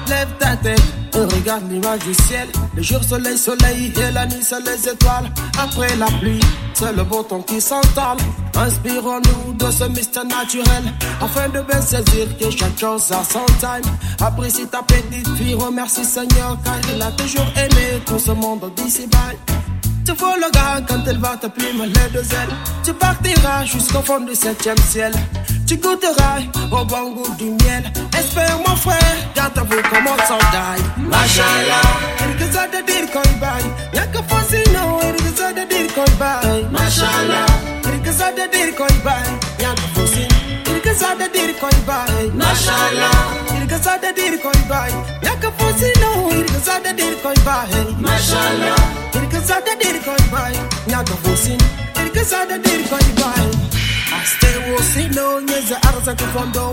Lève ta tête et regarde l'image du ciel. Le jour, soleil, soleil et la nuit, c'est les étoiles. Après la pluie, c'est le beau temps qui s'entale. Inspirons-nous de ce mystère naturel afin de bien saisir que chaque chose a son time. Apprécie ta petite vie, remercie Seigneur car il a toujours aimé tout ce monde d'ici-bas. Tu vois le gare quand elle va t'appeler ma deux ailes. Tu partiras jusqu'au fond du septième ciel. Tu goûteras au bon goût du miel. Espère mon frère, garde à vous comme on s'en taille. Machallah, elle que ça de dire qu'on baille. Y'a que fascinant, elle que ça de dire qu'on baille. Machallah, elle que ça de dire qu'on baille sade diri ko ibai mashallah irga sade diri ko ibai yaka fosi no irga sade diri ko ibai mashallah irga sade diri ko ibai yaka fosi irga sade diri ko ibai aste wosi no nyeza arza ko fondo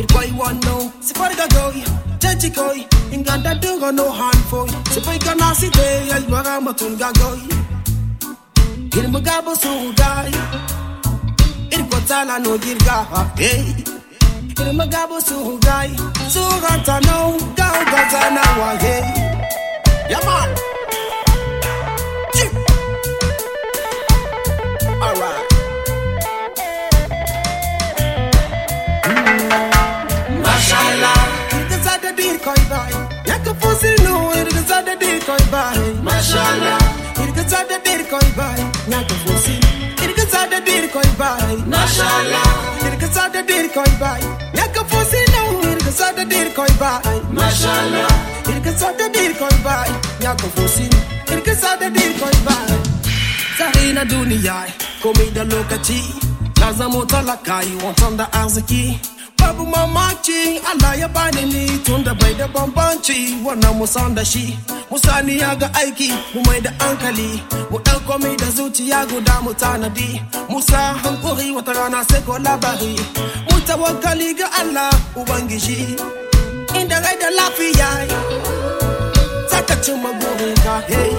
irkoi wano sifarga gagoi, chechi koi inganda dungo no handful sipai kana site yalwaga matunga goi irmagabo gai irikotala nogirga eh. irimagabo sugai sugatana gaugatana wahe yaman Mashallah, it is at the deal koi bai. Yaka no, it is at the koi bai. Mashallah, it is at the koi bai. Yaka pussy sada dir koi bai mashallah dir ka sada dir koi bai ya ka fosi na dir ka sada dir koi bai mashallah dir ka sada dir koi bai ya ka fosi dir ka sada dir koi bai zarina duniya komai da lokaci na zamo talaka yi wancan da arziki sabu mamaci Allah ya bani ni Tunda da bai da bambanci wannan musan da shi musani ya ga aiki mu mai da hankali mu dan komai da zuciya guda mu tanadi musa hankuri wata rana sai ko labari mu tawakkali ga Allah ubangiji inda rai da lafiya sakacin magurinka hey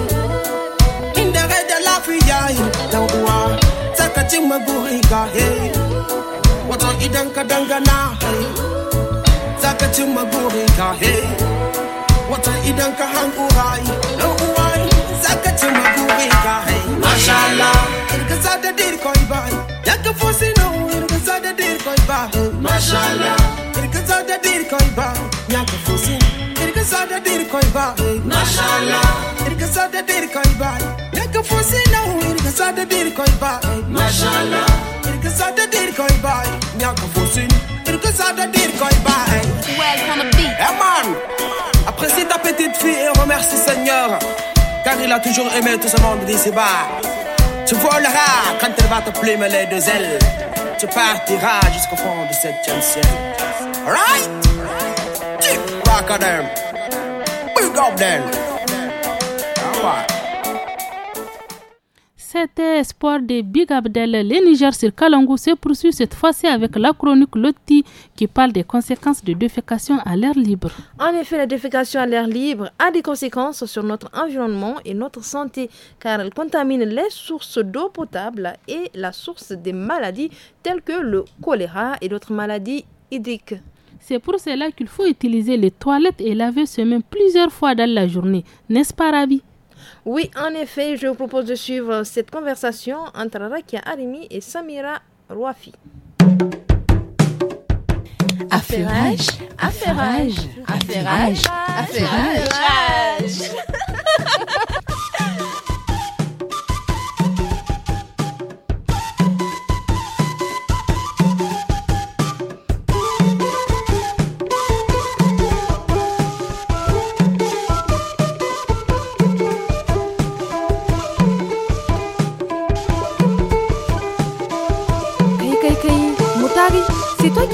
inda rai da lafiya dan uwa sakacin ka hey wato idan ka dangana za ka cimma burinka wato idan ka hankura dan uwa za ka cimma burinka masha Allah irgasa da dir koi bai ya ka fosi no irgasa da dir koi bai masha Allah irgasa da dir koi bai ya ka fosi irgasa da dir koi bai masha Allah irgasa da dir koi bai ya ka fosi no irgasa da dir koi bai masha Allah koi bai, nyako fosin. que ça de dire koi bai. Hey man, apprécie ta petite fille et remercie Seigneur. Car il a toujours aimé tout ce monde d'ici bas. Tu voleras quand elle va te plumer les deux ailes. Tu partiras jusqu'au fond de cette ciel. Right? Keep rock on them. Big up Alright. Ah, cet Espoir de Big Abdel, le Niger sur Kalangou se poursuit cette fois-ci avec la chronique Loti qui parle des conséquences de défécation à l'air libre. En effet, la défécation à l'air libre a des conséquences sur notre environnement et notre santé car elle contamine les sources d'eau potable et la source des maladies telles que le choléra et d'autres maladies hydriques. C'est pour cela qu'il faut utiliser les toilettes et laver se mains plusieurs fois dans la journée, n'est-ce pas Rabi oui, en effet, je vous propose de suivre cette conversation entre Rakia Arimi et Samira Rouafi. Affairage, affairage, affairage, affairage.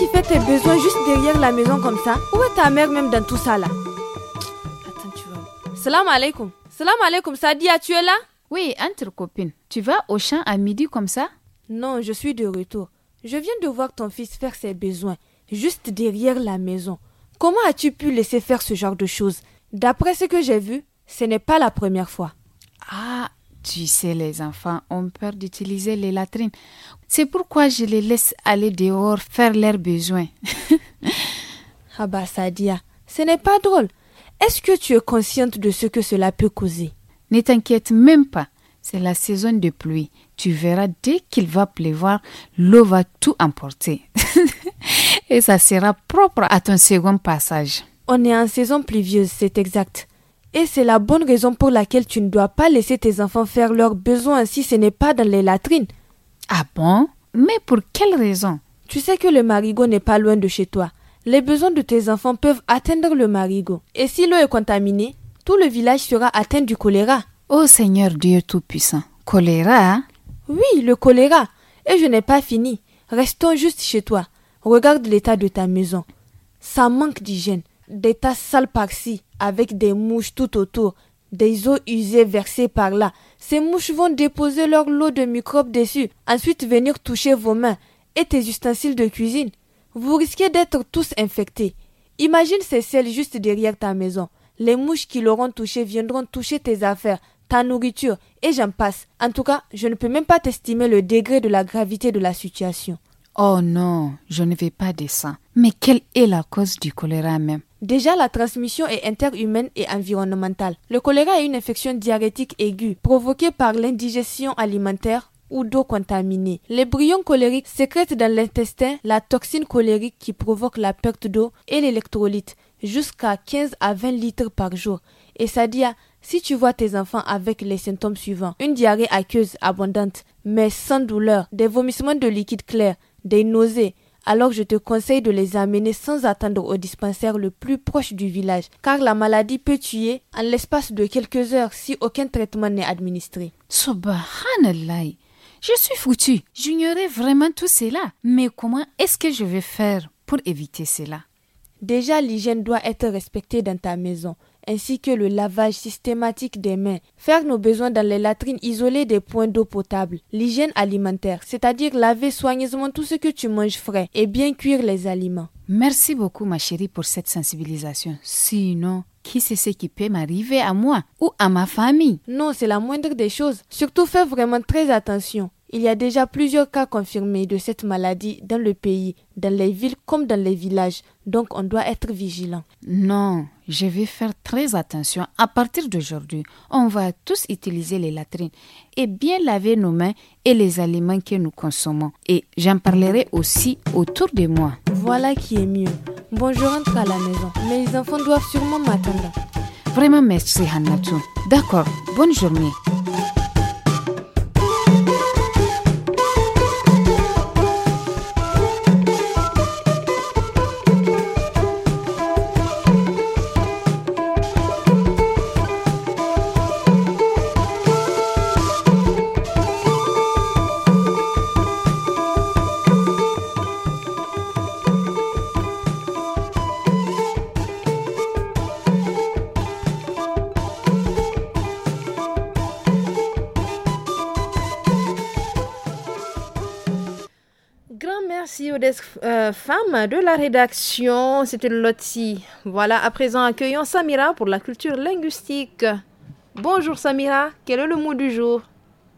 tu fais tes besoins juste derrière la maison comme ça Où est ta mère même dans tout ça là Attends, tu vois. Salam alaikum. Salam alaikum, Sadia, tu es là Oui, entre copines. Tu vas au champ à midi comme ça Non, je suis de retour. Je viens de voir ton fils faire ses besoins juste derrière la maison. Comment as-tu pu laisser faire ce genre de choses D'après ce que j'ai vu, ce n'est pas la première fois. Ah, tu sais, les enfants ont peur d'utiliser les latrines. C'est pourquoi je les laisse aller dehors faire leurs besoins. <laughs> ah bah Sadia, ce n'est pas drôle. Est-ce que tu es consciente de ce que cela peut causer Ne t'inquiète même pas. C'est la saison de pluie. Tu verras dès qu'il va pleuvoir, l'eau va tout emporter. <laughs> Et ça sera propre à ton second passage. On est en saison pluvieuse, c'est exact. Et c'est la bonne raison pour laquelle tu ne dois pas laisser tes enfants faire leurs besoins si ce n'est pas dans les latrines. Ah bon Mais pour quelle raison Tu sais que le marigot n'est pas loin de chez toi. Les besoins de tes enfants peuvent atteindre le marigot. Et si l'eau est contaminée, tout le village sera atteint du choléra. Oh Seigneur Dieu Tout-Puissant, choléra hein? Oui, le choléra. Et je n'ai pas fini. Restons juste chez toi. Regarde l'état de ta maison. Ça manque d'hygiène. Des tas sales par-ci, avec des mouches tout autour, des eaux usées versées par là. Ces mouches vont déposer leur lot de microbes dessus, ensuite venir toucher vos mains et tes ustensiles de cuisine. Vous risquez d'être tous infectés. Imagine ces selles juste derrière ta maison. Les mouches qui l'auront touché viendront toucher tes affaires, ta nourriture, et j'en passe. En tout cas, je ne peux même pas t'estimer le degré de la gravité de la situation. Oh non, je ne vais pas descendre. Mais quelle est la cause du choléra même Déjà, la transmission est interhumaine et environnementale. Le choléra est une infection diarrhétique aiguë provoquée par l'indigestion alimentaire ou d'eau contaminée. Les bryons cholériques sécrètent dans l'intestin la toxine cholérique qui provoque la perte d'eau et l'électrolyte jusqu'à 15 à 20 litres par jour. Et ça dit, si tu vois tes enfants avec les symptômes suivants, une diarrhée aqueuse abondante mais sans douleur, des vomissements de liquide clair, des nausées, alors je te conseille de les amener sans attendre au dispensaire le plus proche du village, car la maladie peut tuer en l'espace de quelques heures si aucun traitement n'est administré. Subhanallah, je suis foutu. J'ignorais vraiment tout cela. Mais comment est-ce que je vais faire pour éviter cela Déjà, l'hygiène doit être respectée dans ta maison ainsi que le lavage systématique des mains, faire nos besoins dans les latrines isolées des points d'eau potable, l'hygiène alimentaire, c'est-à-dire laver soigneusement tout ce que tu manges frais et bien cuire les aliments. Merci beaucoup ma chérie pour cette sensibilisation. Sinon, qui sait ce qui peut m'arriver à moi ou à ma famille Non, c'est la moindre des choses. Surtout fais vraiment très attention. Il y a déjà plusieurs cas confirmés de cette maladie dans le pays, dans les villes comme dans les villages, donc on doit être vigilant. Non, je vais faire très attention. À partir d'aujourd'hui, on va tous utiliser les latrines et bien laver nos mains et les aliments que nous consommons. Et j'en parlerai aussi autour de moi. Voilà qui est mieux. Bonjour, je rentre à la maison. Mes enfants doivent sûrement m'attendre. Vraiment, merci Hanatou. D'accord, bonne journée. merci euh, femmes de la rédaction. C'était Lottie. Voilà, à présent, accueillons Samira pour la culture linguistique. Bonjour Samira, quel est le mot du jour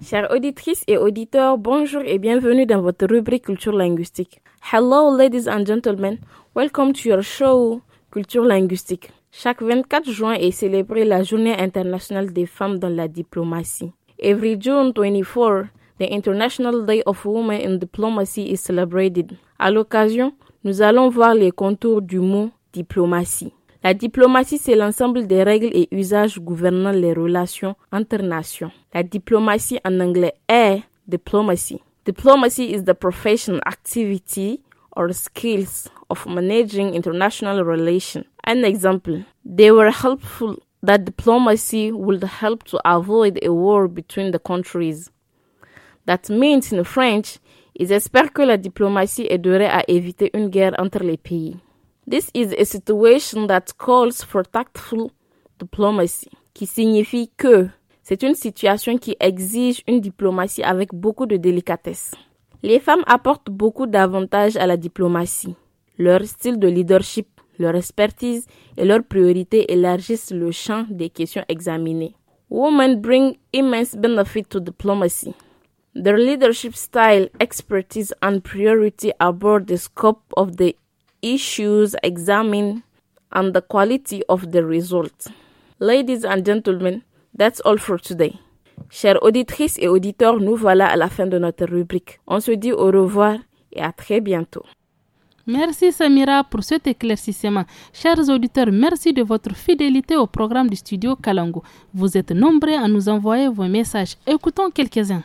Chères auditrices et auditeurs, bonjour et bienvenue dans votre rubrique culture linguistique. Hello ladies and gentlemen, welcome to your show culture linguistique. Chaque 24 juin est célébrée la Journée internationale des femmes dans la diplomatie. Every June 24 the International Day of Women in Diplomacy is celebrated. À l'occasion, nous allons voir les contours du mot diplomatie. La diplomatie, c'est l'ensemble des règles et usages gouvernant les relations entre nations. La diplomatie en anglais est diplomacy. Diplomacy is the professional activity or skills of managing international relations. An example, they were helpful that diplomacy would help to avoid a war between the countries. That means in French, ils espèrent que la diplomatie aiderait à éviter une guerre entre les pays. This is a situation that calls for tactful diplomacy, qui signifie que c'est une situation qui exige une diplomatie avec beaucoup de délicatesse. Les femmes apportent beaucoup d'avantages à la diplomatie. Leur style de leadership, leur expertise et leurs priorités élargissent le champ des questions examinées. Women bring immense benefit to diplomacy. Their leadership style, expertise, and priority about the scope of the issues examined and the quality of the results. Ladies and gentlemen, that's all for today. Chères auditrices et auditeurs, nous voilà à la fin de notre rubrique. On se dit au revoir et à très bientôt. Merci Samira pour cet éclaircissement. Chers auditeurs, merci de votre fidélité au programme du studio Kalango. Vous êtes nombreux à nous envoyer vos messages. Écoutons quelques-uns.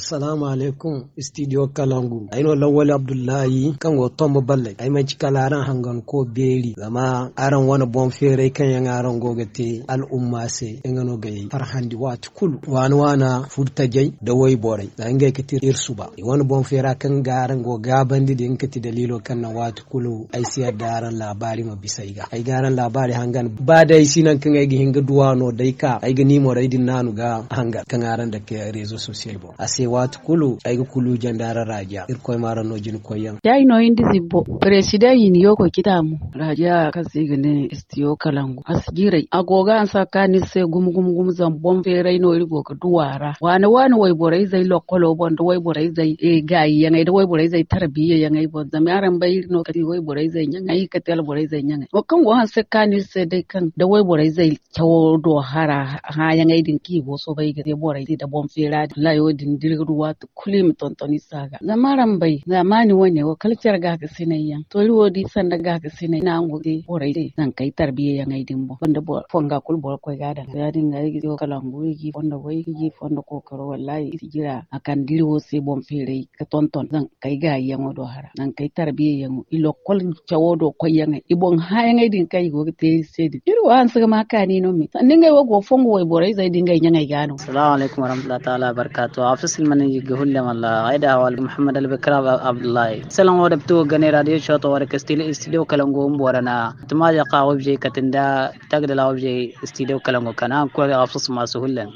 assalamu alaikum studio kalangu aino lawal abdullahi kan go tombo balle ay ma ci aran hangan ko beri zama aran wani bon fere kan yan aran te al umma se engano gay farhandi wat kul wan wana furta jay da way bore da ngay kiti irsu ba wani bon fere kan garan go bandi din kiti dalilo kan na wat kulu ay siya daran labari ma ga ay garan labari hangan ba dai sinan kan ay hinga duwano dai ka ay ga nimo dai din nanu ga hangan kan aran da ke rezo social bo ase wat kulu ayga kulu jandara raja irkoy maran ojin koyan dai no indi zibbo presida yin yoko kitamu raja kasigine istiyo kalangu asgirai agoga an saka ni se gum gum gum zan bom ferai no irgo ka duwara wani wani wai borai zai lokolo bon do wai borai zai e gayi yangai do wai borai zai tarbiya yangai bon zam yaran bai no kati wai borai zai yangai ka tel borai zai yangai o kan go han saka ni se dai kan da wai borai zai tawo do hara ha yangai din ki go so bai ga borai da bom ferai la yo din dir ruwa to kule mu tontoni saga zamaran bai zamani wane wa kalcar ga ka sinayyan to ruwa di san da ga ka sinay na ngo de orai de zan kai tarbiya yan ai dimbo banda bo fonga kul bo ya ko ga da ya dinga yi ko kalangu yi fonda bo yi fonda ko karo wallahi jira akan dirwo se bom fere ka tonton zan kai ga yan odo hara nan kai tarbiya yan ilo kol chawodo ko yan ibon ha yan ai din kai go te se di irwa an saka maka ni no mi san dinga wo go fongo wai borai zai dinga yan ai gano assalamu alaikum warahmatullahi ta'ala barakatuh hafiz mani gahulle mala aida wal muhammad al bakra abdullahi salam wa dabtu gane radio show to war kastile studio kalango mborana tamaja qa wabje katinda tagdala wabje studio kalango kana ko afsus masu hullan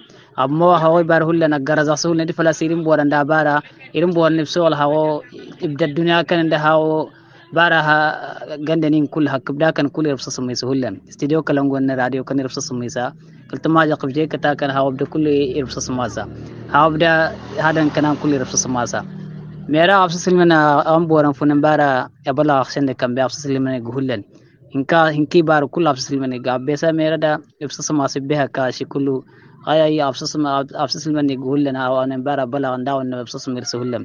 amma hawo bar hullan garaza sulne difala sirim boranda bara irim borne so al hawo ibda dunya kan da hawo baraha gandanin kul hakbda kan kul irfsa samaysa hullan studio kalangwana radio kan irfsa samaysa kaltama ja qabje kata kan hawabda kul irfsa samaysa hawabda hadan kana kul irfsa samaysa mera afsa silmana amboran funan bara abala akhshan da kan bi afsa silmana guhullan hinka hinki bar kul afsa silmana ga besa mera da irfsa samaysa beha ka shi kullu aya ya afsa sama afsa silmana guhullan hawanan bara bala andawan afsa samaysa hullan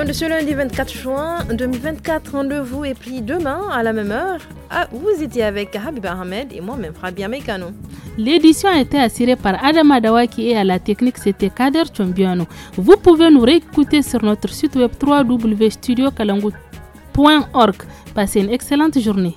de ce lundi 24 juin 2024. Rendez-vous est pris demain à la même heure. Ah, vous étiez avec Habib Ahmed et moi-même Fabien Mekano. L'édition a été assurée par Adam Adawa qui est à la technique, c'était Kader Chombiano. Vous pouvez nous réécouter sur notre site web www.studiokalangu.org. Passez une excellente journée.